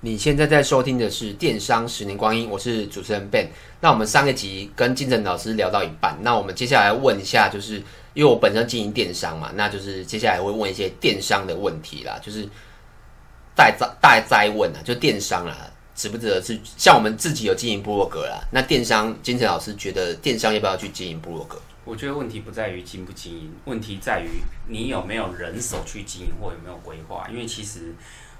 你現在在收聽的是《電商十年光陰》，我是主持人 Ben。那我們上一集跟金城老師聊到一半，那我們接下來問一下，就是因為我本身經營電商嘛，那就是接下來會問一些電商的問題啦，就是帶災帶災問啊，就電商啦，值不值得是像我們自己有經營部落格啦？那電商金城老師覺得電商要不要去經營部落格？我覺得問題不在於經不經營，問題在於你有沒有人手去經營，或有沒有規劃。因為其實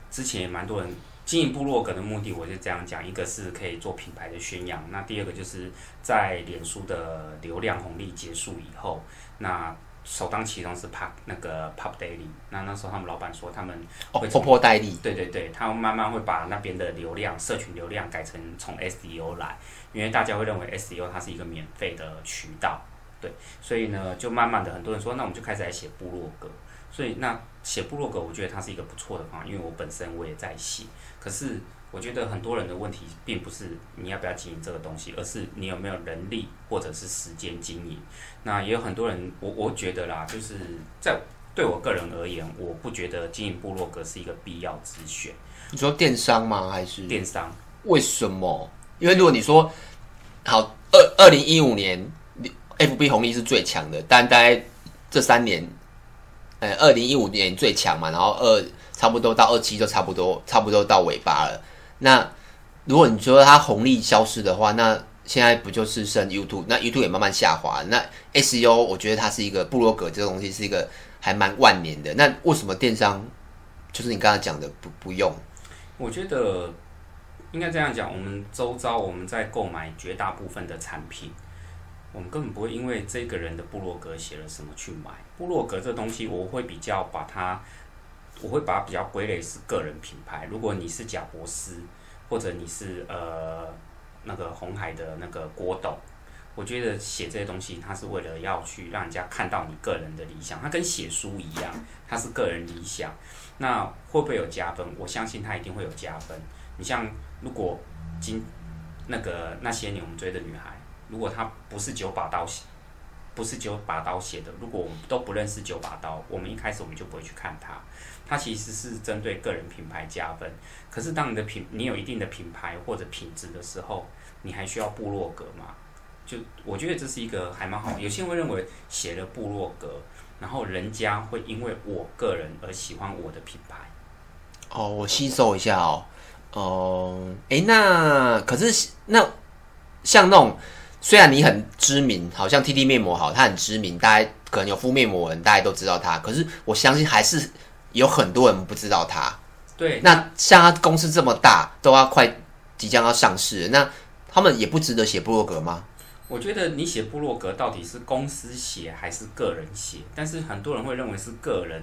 之前也蠻多人。經營部落格的目的，我就這樣講，一個是可以做品牌的宣揚，那第二個就是在臉書的流量紅利結束以後，那首當其衝是 Pop 那個 Pop Daily，那那時候他們老板說他們會 Pop Daily、哦、對對對，他們慢慢會把那邊的流量社群流量改成從 SEO 來，因為大家會認為 SEO 它是一個免費的渠道，對，所以呢就慢慢的很多人說，那我們就開始來寫部落格。所以，那寫部落格，我覺得它是一個不錯的方法，因為我本身我也在寫。可是，我覺得很多人的問題並不是你要不要經營這個東西，而是你有沒有人力或者是時間經營。那也有很多人，我我覺得啦，就是在對我個人而言，我不覺得經營部落格是一個必要之選。你說電商嗎？還是電商？為什麼？因為如果你說好二二零一五年，FB 紅利是最強的，但大概這三年。呃、欸，二零一五年最強嘛，然後二差不多到二七就差不多，差不多到尾巴了。那如果你說它紅利消失的話，那現在不就是剩 YouTube？那 YouTube 也慢慢下滑。那 SEO，我覺得它是一個部落格，這個東西是一個還蠻萬年的。那為什麼電商就是你剛才講的不不用？我覺得應該這樣講，我們周遭我們在購買絕大部分的產品，我們根本不會因為這個人的部落格寫了什麼去買。部落格這東西，我會比較把它，我會把它比較歸類是個人品牌。如果你是賈伯斯，或者你是呃那個鴻海的那個郭董，我覺得寫這些東西，它是為了要去讓人家看到你個人的理想。它跟寫書一樣，它是個人理想。那會不會有加分？我相信它一定會有加分。你像如果今那個那些年我們追的女孩，如果她不是九把刀不是九把刀寫的。如果我們都不認識九把刀，我們一開始我們就不會去看它。它其實是針對個人品牌加分。可是當你的品，你有一定的品牌或者品質的時候，你還需要部落格嘛？就我覺得這是一個還蠻好。有些人會認為寫了部落格，然後人家會因為我個人而喜歡我的品牌。哦，我吸收一下哦。哦、嗯，誒，那可是那像那種。雖然你很知名，好像 TT 面膜好，它很知名，大家可能有敷面膜的人，大家都知道它。可是我相信還是有很多人不知道它。對。那像它公司這麼大，都要快即將要上市，那他們也不值得寫部落格嗎？我覺得你寫部落格到底是公司寫還是個人寫？但是很多人會認為是個人，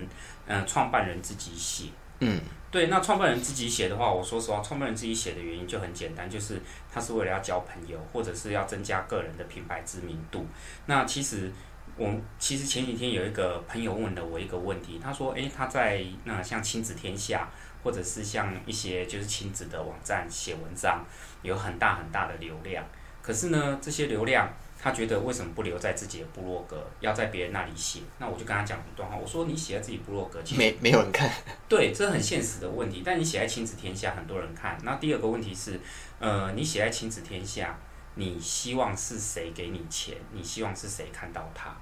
嗯、呃，創辦人自己寫。嗯。對，那創辦人自己寫的話，我說實話，創辦人自己寫的原因就很簡單，就是他是為了要交朋友，或者是要增加個人的品牌知名度。那其實我其實前幾天有一個朋友問了我一個問題，他說：“誒，他在那像親子天下，或者是像一些就是親子的網站寫文章，有很大很大的流量，可是呢，這些流量。”他覺得為什麼不留在自己的部落格，要在別人那裡寫？那我就跟他講一段話，我說你寫在自己部落格，沒沒有人看。對，這是很現實的問題。但你寫在親子天下，很多人看。那第二個問題是，呃，你寫在親子天下，你希望是誰給你錢？你希望是誰看到它？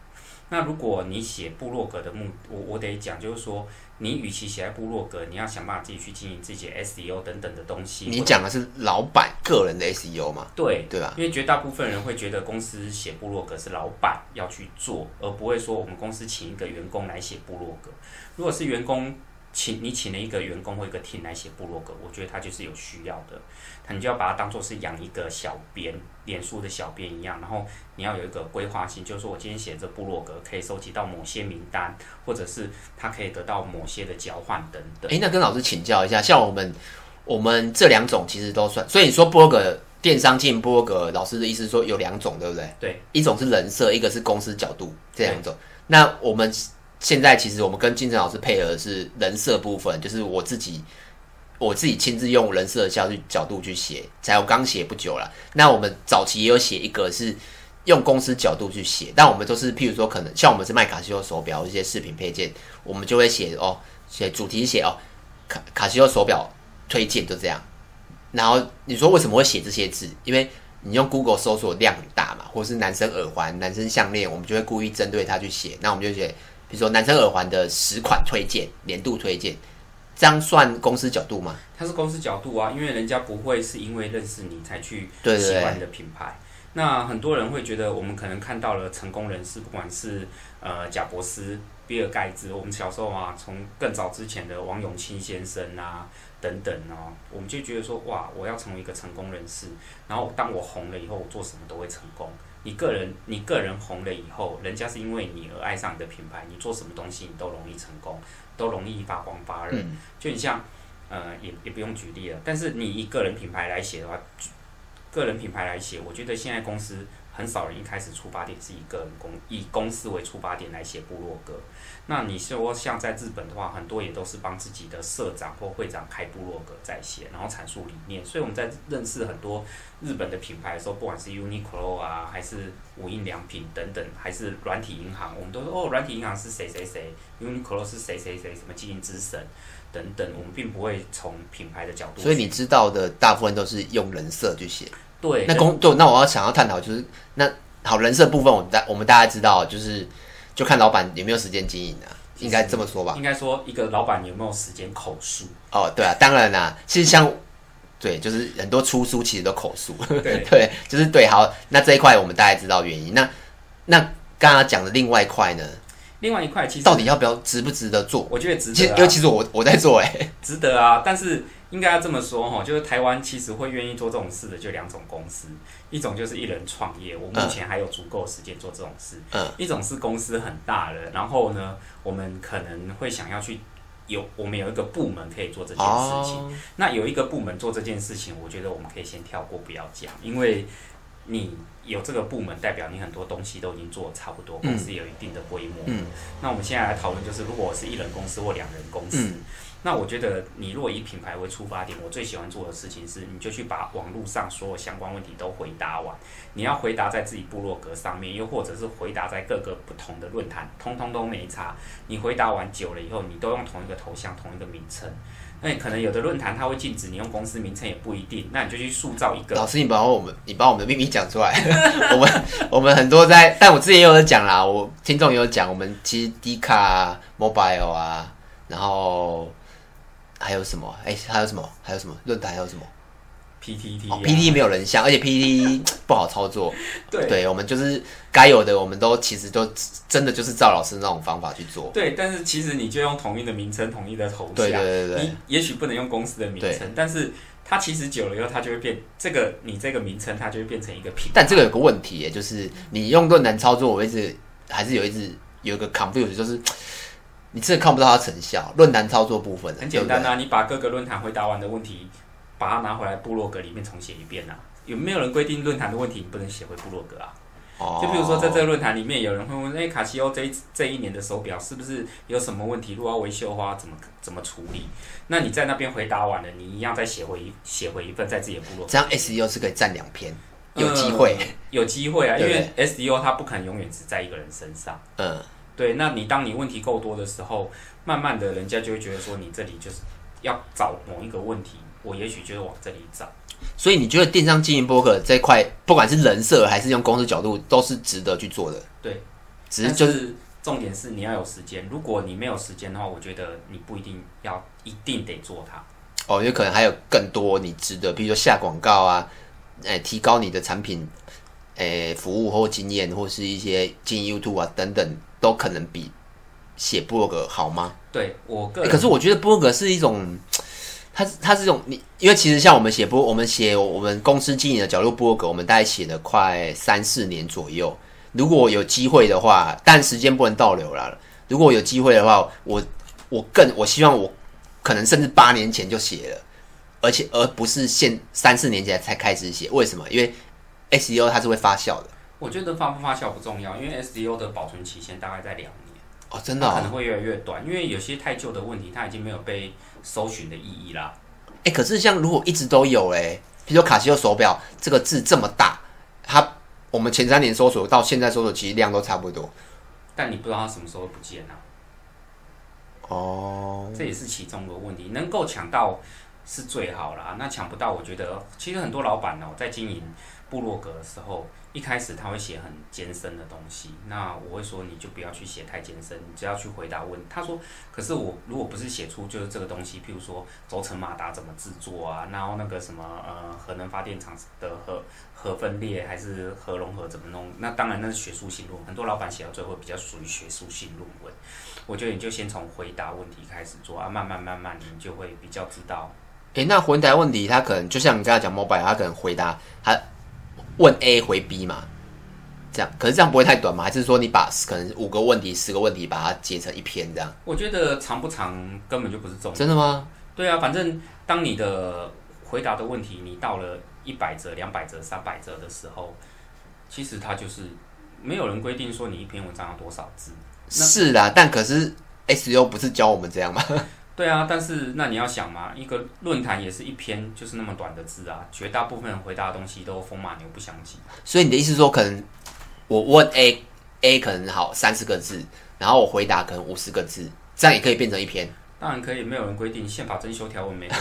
那如果你寫部落格的目的，我我得講，就是說，你與其寫在部落格，你要想辦法自己去經營自己的 SEO 等等的東西。你講的是老闆個人的 SEO 嗎？對，對吧？因為絕大部分人會覺得，公司寫部落格是老闆要去做，而不會說我們公司請一個員工來寫部落格。如果是員工。請你請了一個員工或一個 team 來寫部落格，我覺得他就是有需要的，他你就要把它當做是養一個小編，臉書的小編一樣，然後你要有一個規劃性，就是說我今天寫這部落格可以收集到某些名單，或者是他可以得到某些的交換等等。哎，那跟老師請教一下，像我們我們這兩種其實都算，所以你說部落格，電商進部落格，老師的意思說有兩種，對不對？對，一種是人設，一個是公司角度這兩種。那我們。現在其實我們跟金城老師配合的是人設部分，就是我自己我自己親自用人設的角度去寫，才我剛寫不久了。那我們早期也有寫一個是用公司角度去寫，但我們都是譬如說可能像我們是賣卡西歐手錶一些飾品配件，我們就會寫哦寫主題，寫哦卡卡西歐手錶推薦，就這樣。然後你說為什麼會寫這些字？因為你用 Google 搜索量很大嘛，或是男生耳環、男生項鏈我們就會故意針對他去寫，那我們就寫。比如說男生耳環的十款推薦，年度推薦，這樣算公司角度嗎？它是公司角度啊，因為人家不會是因為認識你才去喜歡你的品牌。對對對。那很多人會覺得，我們可能看到了成功人士，不管是呃賈伯斯、比爾蓋茨，我們小時候啊，從更早之前的王永慶先生啊等等哦、啊，我們就覺得說哇，我要成為一個成功人士，然後當我紅了以後，我做什麼都會成功。你個人，你個人紅了以後，人家是因為你而愛上你的品牌，你做什麼東西，你都容易成功，都容易發光發熱。就你像，呃，也也不用舉例了。但是你以個人品牌來寫的話，個人品牌來寫，我覺得現在公司。很少人一開始出發點是以個公以公司為出發點來寫部落格。那你說像在日本的話，很多也都是幫自己的社長或會長開部落格在寫，然後闡述理念。所以我們在認識很多日本的品牌的時候，不管是 Uniqlo 啊，還是無印良品等等，還是軟體銀行，我們都說哦，軟體銀行是誰誰誰，Uniqlo 是誰誰誰，什麼經營之神，等等，我們並不會從品牌的角度。所以你知道的，大部分都是用人設去寫。對，就是、那工作。那我要想要探討就是，那好人設部分我們，我大我們大家知道，就是就看老闆有沒有時間經營啊。應該這麼說吧？應該說一個老闆有沒有時間口述？哦，對啊，當然啦。其實像 對，就是很多出書其實都口述，對， 對就是對，好，那這一塊我們大家知道原因。那那剛剛講的另外一塊呢？另外一塊其實到底要不要值不值得做？我覺得值得、啊，因為其實我我在做、欸，哎，值得啊，但是。應該要這麼說哈，就是台灣其實會願意做這種事的就兩種公司，一種就是一人創業，我目前還有足夠時間做這種事，嗯，一種是公司很大了，然後呢，我們可能會想要去有我們有一個部門可以做這件事情，哦。那有一個部門做這件事情，我覺得我們可以先跳過不要講，因為你有這個部門，代表你很多東西都已經做差不多，公司有一定的規模的，嗯嗯。那我們現在來討論，就是如果我是一人公司或兩人公司。嗯那我覺得，你若以品牌為出發點，我最喜歡做的事情是，你就去把網絡上所有相關問題都回答完。你要回答在自己部落格上面，又或者是回答在各個不同的論壇，通通都沒差。你回答完久了以後，你都用同一個頭像、同一個名稱。那你可能有的論壇它會禁止你用公司名稱，也不一定。那你就去塑造一個。老師，你把我們，你把我們的秘密講出來。 我們我們很多在，但我之前也有講啦，我聽眾也有講。我們其實 D-Car、啊、Mobile 啊，然後。還有什麼？哎、欸，還有什麼？還有什麼論壇？論還有什麼？P T T、哦、P T 沒有人像，而且 P T T 不好操作 對。對，我們就是該有的，我們都其實都真的就是照老師那種方法去做。對，但是其實你就用統一的名稱、統一的頭像。對對對，對也許不能用公司的名稱，但是它其實久了以後，它就會變。這個你這個名稱，它就會變成一個品。但這個有個問題，哎，就是你用論壇操作，我一直還是有一直有一個 c o n f u s e 就是。你真的看不到它的成效。論壇操作部分很簡單吶、啊,你把各個論壇回答完的問題，把它拿回來部落格裡面重寫一遍吶、啊。有沒有人規定論壇的問題你不能寫回部落格啊？Oh. 就比如說在這個論壇裡面有人會問，哎、欸，卡西歐這這一年的手錶是不是有什麼問題？如果要維修的話，怎麼怎麼處理？那你在那邊回答完了，你一樣再寫回寫回一份在自己的部落格。這樣 SEO 是可以佔兩篇，有機會，嗯、有機會啊， 對對，因為 SEO 它不可能永遠只在一個人身上。嗯。對，那你當你問題夠多的時候，慢慢的，人家就會覺得說你這裡就是要找某一個問題，我也許就會往這裡找。所以你覺得電商經營博客這一塊，不管是人設還是用公司角度，都是值得去做的。對，只是就是重點是你要有時間。如果你沒有時間的話，我覺得你不一定要一定得做它。哦，有可能還有更多你值得，比如說下廣告啊，哎，提高你的產品、哎，服務或經驗或是一些經營 YouTube 啊等等。都可能比寫部落格好嗎？對我個人，欸，可是我覺得部落格是一種，它它是一種你，因為其實像我們寫部，我們寫我們公司經營的角度部落格，我們大概寫了快三四年左右。如果有機會的話，但時間不能倒流了。如果有機會的話，我我更我希望我可能甚至八年前就寫了，而且而不是現三四年前才開始寫。為什麼？因為 SEO 它是會發酵的。我覺得發不發酵不重要，因為 SEO 的保存期限大概在兩年哦，真的、哦、可能會越來越短，因為有些太舊的問題，它已經沒有被搜尋的意義啦。哎、欸，可是像如果一直都有、欸，誒比如說卡西歐手表這個字這麼大，它我們前三年搜索到現在搜索，其實量都差不多。但你不知道它什麼時候不見了、啊、哦，oh. 這也是其中的問題，能夠搶到。是最好啦，那搶不到，我覺得其實很多老闆呢、喔，在經營部落格的時候，一開始他會寫很艱深的東西，那我會說你就不要去寫太艱深，你只要去回答問。他說，可是我如果不是寫出就是這個東西，譬如說軸承馬達怎麼製作啊？然後那個什麼呃，核能發電廠的核核分裂還是核融合怎麼弄？那當然那是學術性論文，很多老闆寫到最後比較屬於學術性論文。我覺得你就先從回答問題開始做啊，慢慢慢慢你就會比較知道。哎、欸，那回答問題，他可能就像你剛才講 mobile，他可能回答他問 A 回 B 嘛，這樣，可是這樣不會太短嘛？還是說你把可能五個問題、十個問題把它截成一篇這樣？我覺得長不長根本就不是重點。真的嗎？對啊，反正當你的回答的問題你到了一百折、兩百折、三百折的時候，其實它就是沒有人規定說你一篇文章要多少字。是啦，但可是 SEO 不是教我們這樣嗎？ 對啊，但是那你要想嘛，一個論壇也是一篇，就是那麼短的字啊，絕大部分人回答的東西都風馬牛不相及。所以你的意思是說，可能我問 A，A 可能好三十個字，然後我回答可能五十個字，這樣也可以變成一篇。當然可以，沒有人規定憲法增修條文沒有，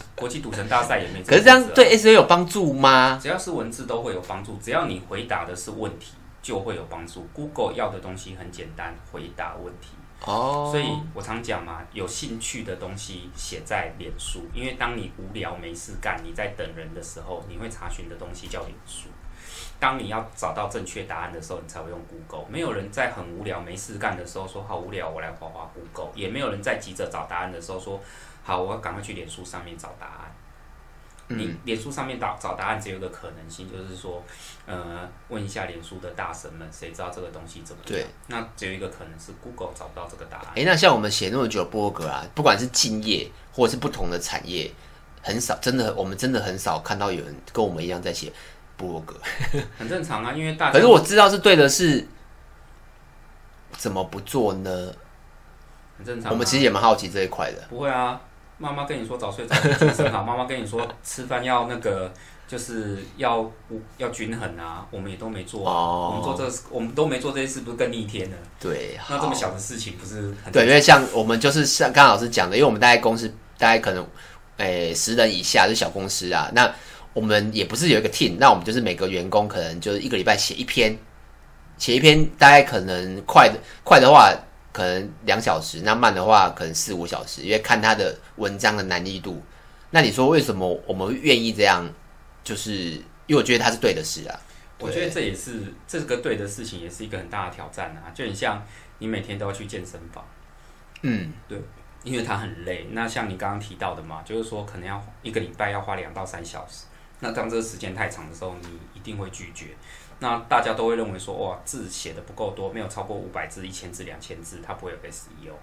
國際賭神大賽也沒啊。可是這樣對 SEO 有幫助嗎？只要是文字都會有幫助，只要你回答的是問題就會有幫助。Google 要的東西很簡單，回答問題。哦，所以我常講嘛，有興趣的東西寫在臉書，因為當你無聊沒事幹，你在等人的時候，你會查詢的東西叫臉書。當你要找到正確答案的時候，你才會用 Google。沒有人在很無聊沒事幹的時候說好無聊，我來畫畫 Google，也沒有人在急着找答案的時候說好，我要趕快去臉書上面找答案。嗯、你臉書上面找，找答案，只有一個可能性，就是說，呃，問一下臉書的大神們，誰知道這個東西怎麼做？對。那只有一個可能是 Google 找不到這個答案。哎、欸，那像我們寫那麼久的博客啊，不管是敬業或者是不同的產業，很少，真的，我們真的很少看到有人跟我們一樣在寫博客。很正常啊，因為大可是我知道是對的是怎麼不做呢？很正常、啊。我們其實也蠻好奇這一塊的。不會啊。媽媽跟你說，早睡早起精神好。媽媽跟你說，吃飯要那個，就是要要均衡啊。我們也都沒做，oh. 我們做這，我們都沒做這些事，不是更逆天了，對。那這麼小的事情不是很對？對，因為像我們就是像剛剛老師講的，因為我們大概公司大概可能誒十人以下是小公司啊。那我們也不是有一個 team，那我們就是每個員工可能就是一個禮拜寫一篇，寫一篇大概可能快的、嗯、快的話。可能兩小時，那慢的話可能四五小時，因為看他的文章的難易度。那你說為什麼我們願意這樣？就是因為我覺得他是對的事啊。我覺得這也是這個對的事情，也是一個很大的挑戰啊。就很像你每天都要去健身房，嗯，對，因為他很累。那像你剛剛提到的嘛，就是說可能要一個禮拜要花兩到三小時。那當這個時間太長的時候，你一定會拒絕。那大家都會認為說，哇，字寫得不夠多，沒有超過五百字、一千字、兩千字，它不會有 SEO、哦。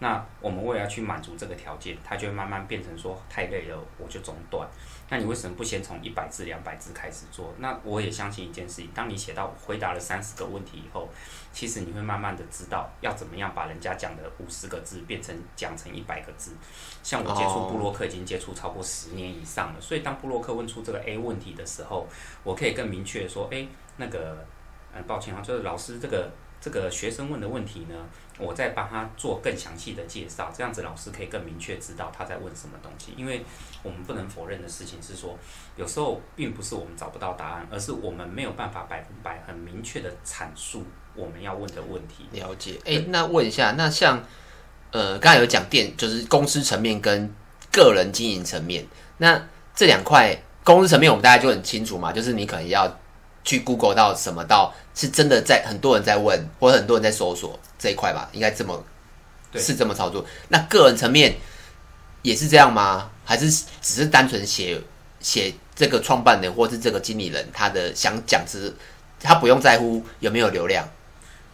那我們為了要去滿足這個條件，它就會慢慢變成說太累了，我就中斷。那你為什麼不先從一百字、兩百字開始做？那我也相信一件事情，當你寫到回答了三十個問題以後，其實你會慢慢的知道要怎麼樣把人家講的五十個字變成講成一百個字。像我接觸部落格已經接觸超過十年以上了、哦，所以當部落格問出這個 A 問題的時候，我可以更明確的說，誒、欸’。那個，呃，抱歉啊，就是老師這個這個學生問的問題呢，我再幫他做更詳細的介紹，這樣子老師可以更明確知道他在問什麼東西。因為我們不能否認的事情是說，有時候並不是我們找不到答案，而是我們沒有辦法百分百很明確的闡述我們要問的問題。了解，誒、欸，那問一下，那像呃，剛才有講電，就是公司層面跟個人經營層面，那這兩塊公司層面我們大家就很清楚嘛，就是你可能要。去 Google 到什麼到是真的在很多人在問，或者很多人在搜索這一塊吧，應該這麼，對是這麼操作。那個人層面也是這樣嗎？還是只是單純寫寫這個創辦人或者是這個經理人他的想講之，他不用在乎有沒有流量，的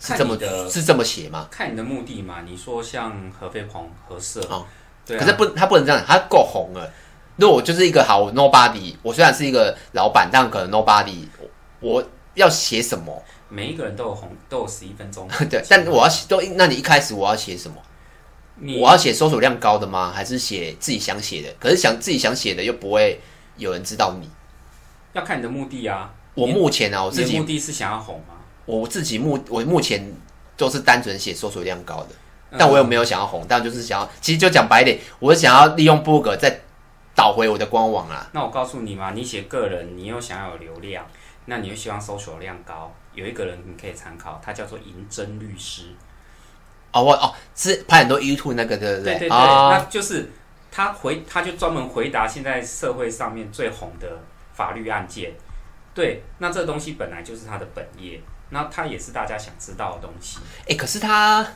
是這麼是這麼寫嗎？看你的目的嘛。你說像何飛鵬合適啊？可是不，他不能這樣，他夠紅了。那我就是一個好 Nobody，我雖然是一個老闆，但可能 Nobody。我要寫什麼？每一個人都有紅，都有十一分鐘。 對，但我要寫都，那你一開始我要寫什麼？你我要寫搜索量高的嗎？還是寫自己想寫的？可是想自己想寫的又不會有人知道你。要看你的目的啊。我目前啊，我自己的目的是想要紅嗎？我自己目我目前都是單純寫搜索量高的，嗯、但我又沒有想要紅，但我就是想要，其實就講白點，我想要利用部落格再導回我的官網啊。那我告訴你嘛，你寫個人，你又想要有流量。那你又希望搜索量高，有一個人你可以參考，他叫做銀真律師。哦，我哦，是拍很多 YouTube 那個對不對？對對對，哦、那就是他回，他就專門回答現在社會上面最紅的法律案件。對，那這東西本來就是他的本業，那他也是大家想知道的東西。誒、欸，可是他。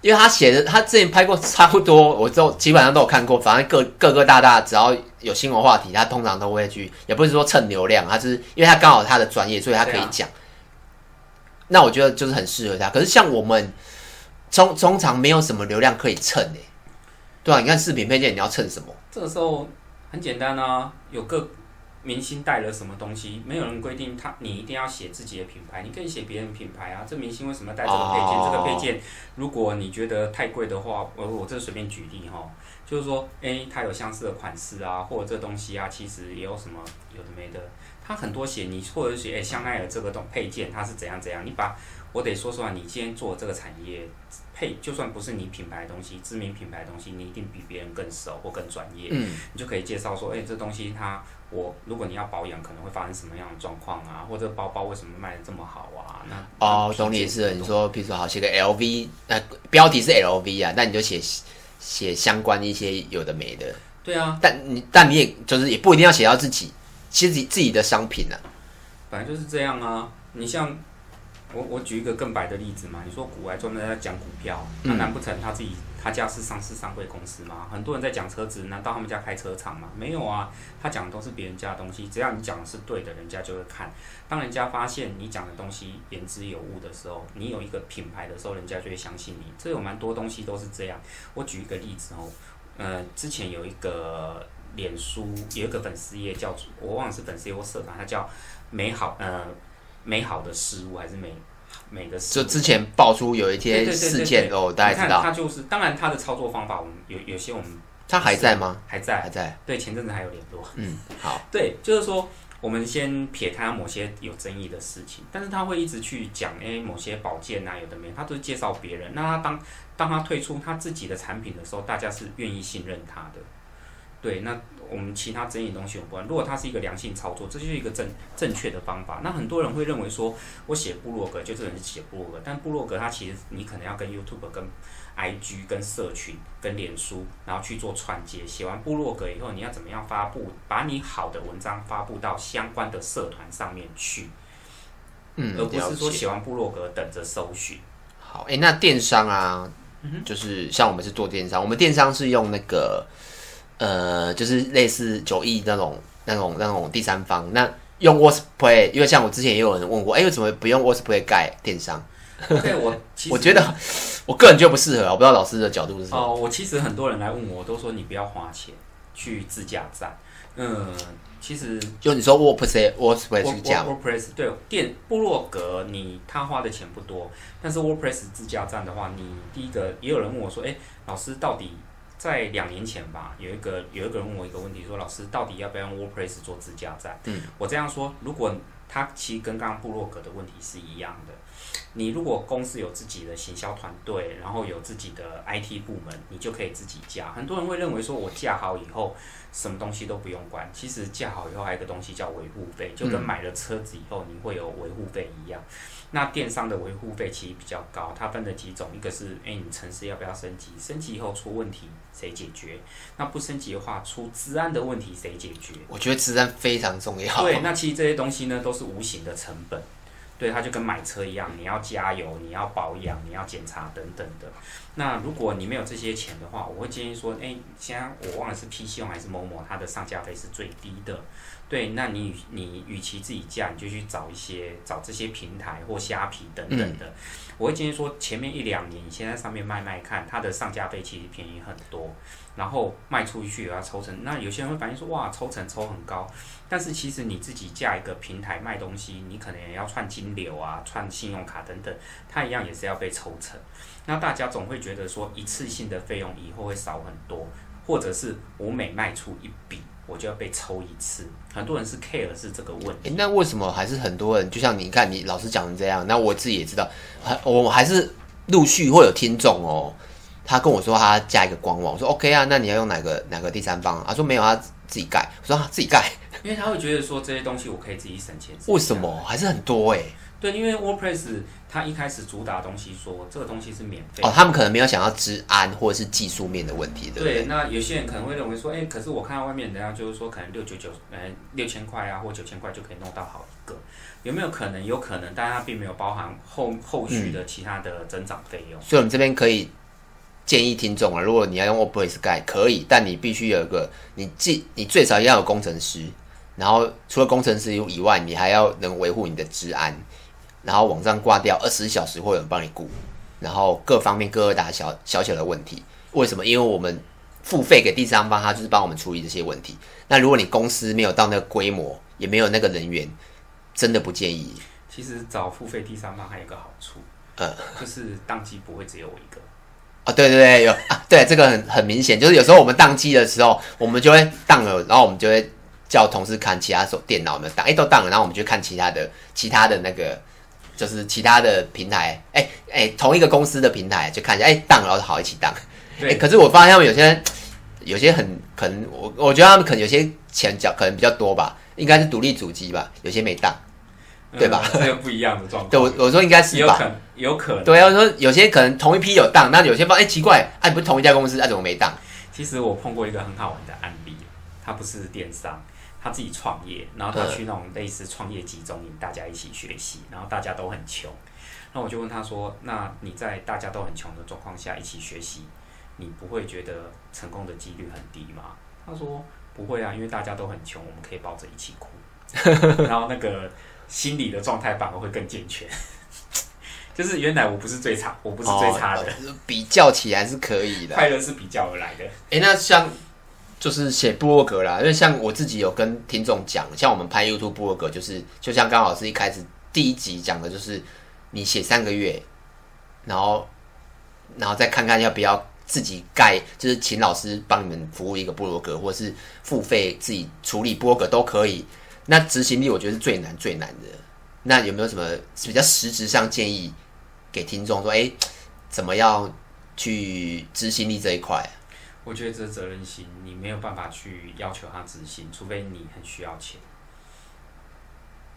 因為他寫的，他之前拍過差不多，我都基本上都有看過。反正各各個大大，只要有新聞話題，他通常都會去，也不是說蹭流量，他，就是因為他剛好他的專業，所以他可以講、啊。那我覺得就是很適合他。可是像我們，通通常沒有什麼流量可以蹭的。對啊，你看視頻配件，你要蹭什麼？這個時候很簡單啊，有個。明星帶了什麼東西？沒有人規定他，你一定要寫自己的品牌，你可以寫別人品牌啊。這明星為什麼帶這個配件？Oh. 這個配件，如果你覺得太貴的話，我我這隨便舉例哈，就是說，誒、欸，他有相似的款式啊，或者這東西啊，其實也有什麼有的沒的。他很多寫你或者是寫，哎、欸，香奈兒這個東配件它是怎樣怎樣。你把我得說實話，你今天做這個產業配，就算不是你品牌的東西，知名品牌的東西，你一定比別人更熟或更專業。嗯。你就可以介紹說，誒、欸，這東西它。我如果你要保養，可能會發生什麼樣的狀況啊？或者包包為什麼賣得這麼好啊？那哦，懂理是，你說，比如說好寫個 LV，那標題是 LV 啊，那你就寫寫相關一些有的沒的。對啊，但你但你也就是也不一定要寫到自己，其實自己的商品啊，本來就是這樣啊。你像我我舉一個更白的例子嘛，你說國外專門在講股票，那難不成他自己？嗯他家是上市上櫃公司嗎？很多人在講車子，難道他們家開車廠嗎？沒有啊，他講的都是別人家的東西。只要你講的是對的，人家就會看。當人家發現你講的東西言之有物的時候，你有一個品牌的時候，人家就會相信你。這有蠻多東西都是這樣。我舉一個例子哦，呃，之前有一個臉書，有一個粉絲頁叫，我忘了是粉絲頁，我社團，他叫美好，呃，美好的事物還是美。每個事就之前爆出有一些事件哦，大家看到他就是當然他的操作方法，我們有有些我們他還在嗎？還在還在，對，前陣子還有聯絡。嗯，好，對，就是說我們先撇開他某些有爭議的事情，但是他會一直去講哎、欸、某些保健啊有的沒有，他都是介紹別人，那他當當他推出他自己的產品的時候，大家是願意信任他的。對，那我們其他爭議的東西有關。如果它是一個良性操作，這就是一個正正確的方法。那很多人會認為說，我寫部落格就只能是寫部落格，但部落格它其實你可能要跟 YouTube、跟 IG、跟社群、跟臉書，然後去做串接。寫完部落格以後，你要怎麼樣發布，把你好的文章發布到相關的社團上面去，嗯，而不是說寫完部落格等着搜尋、嗯。好、欸，那電商啊、嗯，就是像我們是做電商，我們電商是用那個。呃，就是類似九億那種、那種、那種第三方，那用 WordPress，因為像我之前也有人問過，哎、欸，為什麼不用 WordPress 蓋電商？對、okay, 我其實， 我覺得我個人就不適合。我不知道老師的角度是什麼。哦，我其實很多人來問我，我都說你不要花錢去自架站。嗯，其實就你說 WordPress WordPress 去加 WordPress 對電部落格，你他花的錢不多，但是 WordPress 自架站的話，你第一個也有人問我說，哎、欸，老師到底？在兩年前吧，有一個有一個人問我一個問題，說老師到底要不要用 WordPress 做自架站？嗯，我這樣說，如果他其實跟剛剛部落格的問題是一樣的，你如果公司有自己的行銷團隊，然後有自己的 IT 部門，你就可以自己架。很多人會認為說，我架好以後什麼東西都不用管。其實架好以後，還有一個東西叫維護費，就跟買了車子以後你會有維護費一樣。嗯嗯那電商的維護費其實比較高，它分了幾種，一個是，哎、欸，你程式要不要升級？升級以後出問題誰解決？那不升級的話，出資安的問題誰解決？我覺得資安非常重要。對，那其實這些東西呢，都是無形的成本。對，它就跟買車一樣，你要加油，你要保養，你要檢查等等的。那如果你沒有這些錢的話，我會建議說，哎、欸，現在我忘了是 PChome 還是某某，它的上架費是最低的，對，那你你與其自己架，你就去找一些找這些平台或蝦皮等等的，嗯，我會建議說，前面一兩年你先在上面賣賣看，它的上架費其實便宜很多，然後賣出去也要抽成，那有些人會反映說，哇，抽成抽很高，但是其實你自己架一個平台賣東西，你可能要串金流啊，串信用卡等等，它一樣也是要被抽成，那大家總會覺。覺得說一次性的費用以後會少很多，或者是我每賣出一筆我就要被抽一次，很多人是 care 是這個問題。欸、那為什麼還是很多人？就像你看，你老師講的這樣，那我自己也知道，還我還是陸續會有聽眾哦。他跟我說他加一個官網，我說 OK 啊，那你要用哪個哪個第三方？他、啊、說沒有、啊，他自己蓋。我說、啊、自己蓋，因為他會覺得說這些東西我可以自己省錢省。為什麼還是很多、欸？哎，對，因為 WordPress。他一開始主打的東西說，這個東西是免費哦，他們可能沒有想到資安或者是技術面的問題，對不對，對？那有些人可能會認為說，哎、欸，可是我看到外面人家就是說，可能六九九，嗯，六千塊啊，或九千塊就可以弄到好一個，有沒有可能？有可能，但是它並沒有包含後後續的其他的增長費用、嗯。所以我們這邊可以建議聽眾啊，如果你要用 Open Sky 可以，但你必須有一個，你既你最少要有工程師，然後除了工程師以外，你還要能維護你的資安。然後網上掛掉二十四小時，會有人幫你顧。然後各方面各個大小小小的問題，為什麼？因為我們付費給第三方，他就是幫我們處理這些問題。那如果你公司沒有到那個規模，也沒有那個人員，真的不建議。其實找付費第三方還有一個好處，呃，就是宕機不會只有我一個。啊、哦，對對對，有、啊、對這個很很明顯，就是有時候我們宕機的時候，我們就會宕了，然後我們就會叫同事看其他手電腦呢宕，哎，都宕了，然後我們就看其他的其他的那個。就是其他的平台，哎、欸、哎、欸，同一個公司的平台就看一下，哎、欸，當，然後好一起當，哎、欸，可是我發現他們有些人，有些很可能，我我覺得他們可能有些錢較可能比較多吧，應該是獨立主機吧，有些沒當、嗯，對吧？不一樣的狀況。 對，我我說應該是吧，有可能，有可能對啊，我說有些可能同一批有當，那有些方哎、欸、奇怪，哎、啊，不同一家公司，哎、啊，怎麼沒當？其實我碰過一個很好玩的案例，他不是電商。他自己創業，然後他去那種類似創業集中營，大家一起學習，然後大家都很窮。那我就問他說：“那你在大家都很窮的狀況下一起學習，你不會覺得成功的幾率很低嗎？”他說：“不會啊，因為大家都很窮，我們可以抱着一起哭， 然後那個心理的狀態反而會更健全。 就是原來我不是最差，我不是最差的，哦就是、比較起來是可以的。快樂是比較而來的。哎、欸，那像……”就是寫部落格啦，因為像我自己有跟聽眾講，像我們拍 YouTube 部落格，就是，就是就像剛老師一開始第一集講的，就是你寫三個月，然後，然後再看看要不要自己蓋，就是請老師幫你們服務一個部落格或是付費自己處理部落格都可以。那執行力我覺得是最難最難的。那有沒有什麼比較實質上建議給聽眾說，哎、欸，怎麼要去執行力這一塊？我覺得這是責任心，你沒有辦法去要求他執行，除非你很需要錢，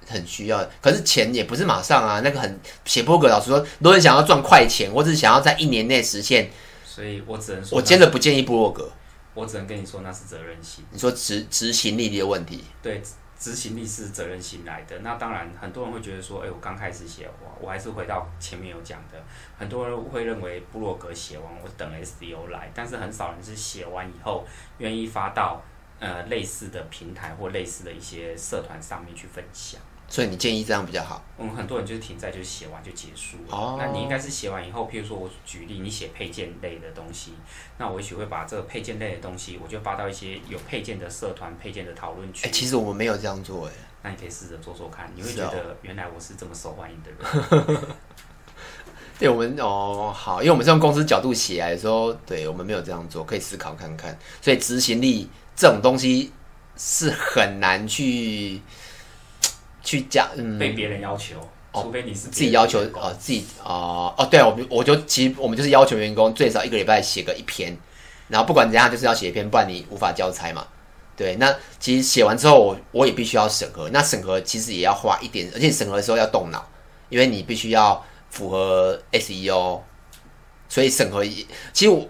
很需要。可是錢也不是馬上啊。那個很寫部落格老師說，很多人想要賺快錢，或者想要在一年內實現。所以我只能說，我真的不建議部落格。我只能跟你說，那是責任心。你說執執行力的問題，對。執行力是責任心來的，那當然很多人會覺得說，哎、欸，我剛開始寫，我還是回到前面有講的，很多人會認為部落格寫完，我等 SEO 來，但是很少人是寫完以後願意發到呃類似的平台或類似的一些社團上面去分享。所以你建議這樣比較好。我們很多人就是停在就寫完就結束。哦、oh。那你應該是寫完以後，譬如說我舉例，你寫配件類的東西，那我也許會把這個配件類的東西，我就發到一些有配件的社團、配件的討論區。哎、欸，其實我們沒有這樣做哎、欸。那你可以試着做做看，你會覺得原來我是這麼受歡迎的人。哦、 對，我們哦好，因為我們是從公司角度寫的時候，對我們沒有這樣做，可以思考看看。所以執行力這種東西是很難去。去講，嗯，被別人要求、哦，除非你是人自己要求，呃，自己啊、呃，哦，對，我我就其實我們就是要求員工最少一個禮拜寫個一篇，然後不管怎樣就是要寫一篇，不然你無法交差嘛。對，那其實寫完之後我我也必須要審核，那審核其實也要花一點，而且審核的時候要動腦，因為你必須要符合 SEO，所以審核也其實我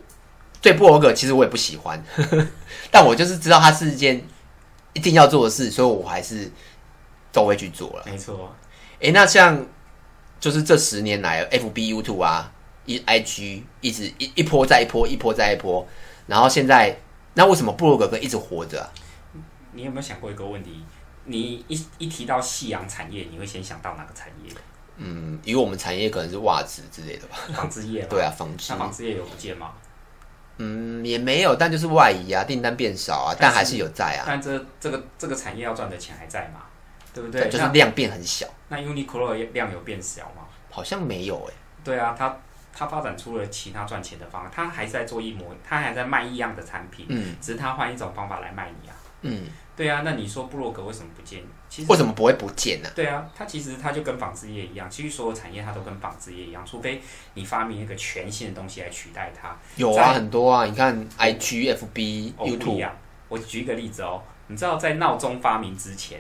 最不合格其實我也不喜歡，呵呵，但我就是知道它是一件一定要做的事，所以我還是。都會去做了，沒錯。哎、欸，那像就是這十年來，FB、YouTube 啊，I, IG, 一 I G 一直一一波再一波，一波再一波。然後現在，那為什麼部落格一直活着、啊？你有沒有想過一個問題？你一一提到夕陽產業，你會先想到哪個產業？嗯，因為我們產業可能是襪子之類的吧，紡織業。對啊，紡織。那紡織業有不見嗎？嗯，也沒有，但就是外移啊，訂單變少啊，但，但還是有在啊。但這這個這個產業要賺的錢還在嗎？對不對,對？就是量變很小。那,那 Uniqlo 的量有變小嗎？好像沒有誒、欸。對啊，它它發展出了其他賺錢的方法。它還在做一模，它還在賣一樣的產品，嗯，只是它換一種方法來賣你啊。嗯，對啊，那你說部落格為什麼不見？其實為什麼不會不見呢、啊？對啊，它其實它就跟紡織業一樣，其實所有產業它都跟紡織業一樣，除非你發明一個全新的東西來取代它。有啊，很多啊，你看 IGFB、哦、YouTube。哦、我舉一個例子哦，你知道在鬧鐘發明之前。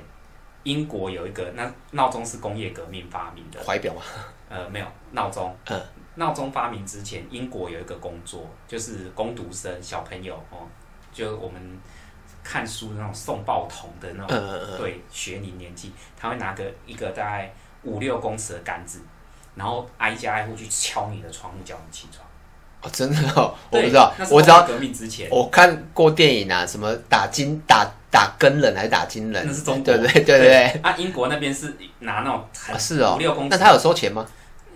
英國有一個，那鬧鐘是工業革命發明的懷錶嗎？呃，沒有鬧鐘。嗯，鬧鐘發明之前，英國有一個工作，就是工讀生小朋友哦，就我們看書的那種送報童的那種，嗯嗯嗯、對學齡年紀，他會拿個一個大概五六公尺的桿子，然後挨家挨戶去敲你的窗戶叫你起床。哦，真的哦，我不知道，我只知道革命之前，我看過電影啊，什麼打金打，打更人還是打金人？那是中國，對不對，對？對對，對， 對。啊，英國那邊是拿那種、啊是哦、五六公尺。那他有收錢嗎？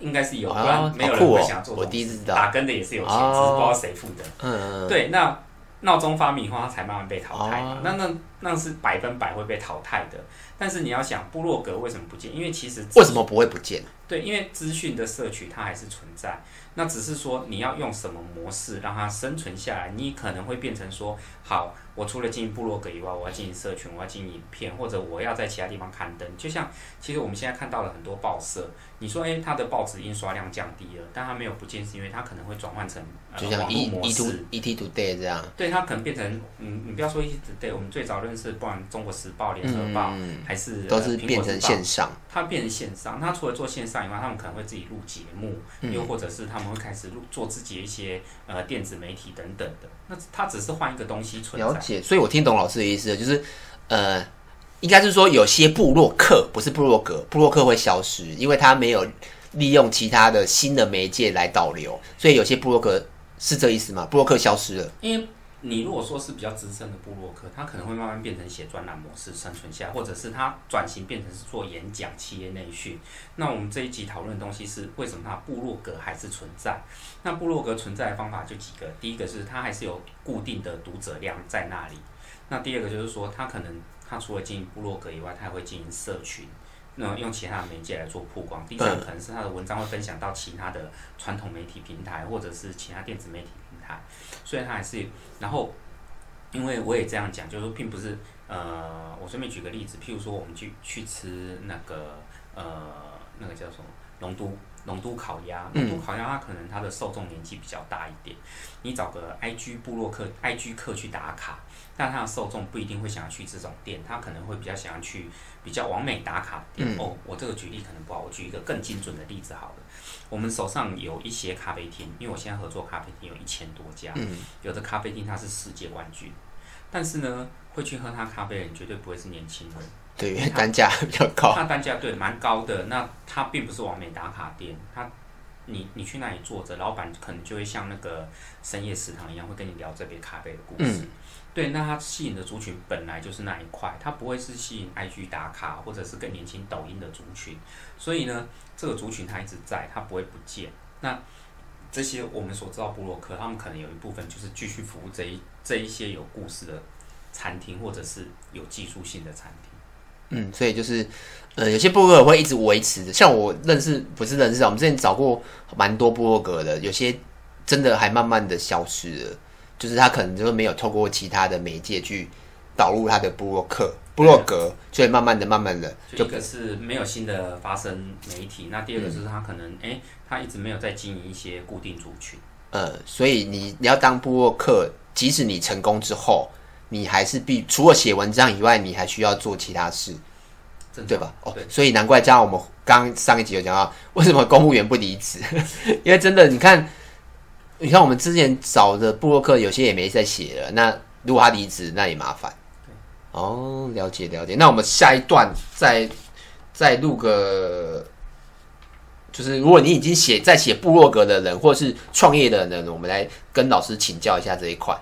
應該是有啊，哦、沒有人會想做、哦。我第一次知道打更的也是有錢，哦、只是不知道誰付的。嗯嗯。對，那鬧鐘發明以後，它才慢慢被淘汰嘛。哦、那那。那是百分百會被淘汰的，但是你要想部落格為什麼不見？因為其實為什麼不會不見？對，因為資訊的攝取它還是存在，那只是說你要用什麼模式讓它生存下來。你可能會變成說，好，我除了進部落格以外，我要進社群，我要進影片，或者我要在其他地方刊登。就像其實我們現在看到了很多報社，你說，哎、欸，他的報紙印刷量降低了，但他沒有不見，是因為他可能會轉換成、呃、就像、e, 模式 ETtoday 這樣。對他可能變成，嗯，你不要說 ETtoday，我們最早。但是，不管《中國時報》、《聯合報》，嗯、還是都是變成線上，它變成線上。它除了做線上以外，他們可能會自己錄節目、嗯，又或者是他們會開始錄做自己的一些呃電子媒體等等的。那它只是換一個東西存在。了解，所以我聽懂老師的意思，就是呃，應該是說有些部落客不是部落格，部落格會消失，因為他沒有利用其他的新的媒介來導流，所以有些部落格是這意思嗎？部落格消失了。嗯。你如果說是比較資深的部落客，他可能會慢慢變成寫專欄模式生存下來，或者是他轉型變成是做演講、企業內訓。那我們這一集討論的東西是為什麼他部落格還是存在？那部落格存在的方法就幾個，第一個是他還是有固定的讀者量在那裡。那第二個就是說他可能他除了經營部落格以外，他還會經營社群，那用其他的媒介來做曝光。第三可能是他的文章會分享到其他的傳統媒體平台，或者是其他電子媒體。啊，雖然它還是，然後，因為我也這樣講，就是說，並不是，呃，我順便舉個例子，譬如說，我們去去吃那個，呃，那個叫什麼，龍都。農都烤鴨，農都烤鴨，它可能它的受眾年紀比較大一點，嗯。你找個 IG 部落客、IG 客去打卡，但他的受眾不一定會想要去這種店，他可能會比較想要去比較網美打卡的店。哦，嗯，oh, 我這個舉例可能不好，我舉一個更精準的例子好了。我們手上有一些咖啡廳，因為我現在合作咖啡廳有一千多家，嗯，有的咖啡廳它是世界冠軍，但是呢，會去喝它咖啡的人絕對不會是年輕人。對，因為單價比較高。那單價對，蠻高的。那它並不是網美打卡店，它你你去那裡坐着，老板可能就會像那個深夜食堂一樣，會跟你聊這杯咖啡的故事。嗯、對。那它吸引的族群本來就是那一塊，它不會是吸引 IG 打卡或者是更年輕抖音的族群。所以呢，這個族群它一直在，它不會不見。那這些我們所知道部落客，他們可能有一部分就是繼續服務這一這一些有故事的餐廳，或者是有技術性的餐廳。嗯，所以就是，呃，有些部落格會一直維持，像我認識，不是認識啊，我們之前找過蠻多部落格的，有些真的還慢慢的消失了，就是他可能就是沒有透過其他的媒介去導入他的部落客、部落格，格就會慢慢的、嗯、慢慢的，就可是沒有新的發聲媒體，那第二個就是他可能，哎、嗯欸，他一直沒有在經營一些固定族群。呃、嗯，所以你你要當部落客，即使你成功之後。你還是必除了寫文章以外，你還需要做其他事，對吧？哦，oh, 所以難怪，加上我們剛上一集有講到，為什麼公務員不離職？ 因為真的，你看，你看我們之前找的部落客有些也沒在寫了。那如果他離職，那也麻煩。哦，oh，了解了解。那我們下一段再再錄個，就是如果你已經寫在寫部落格的人，或是創業的人，我們來跟老師請教一下這一塊。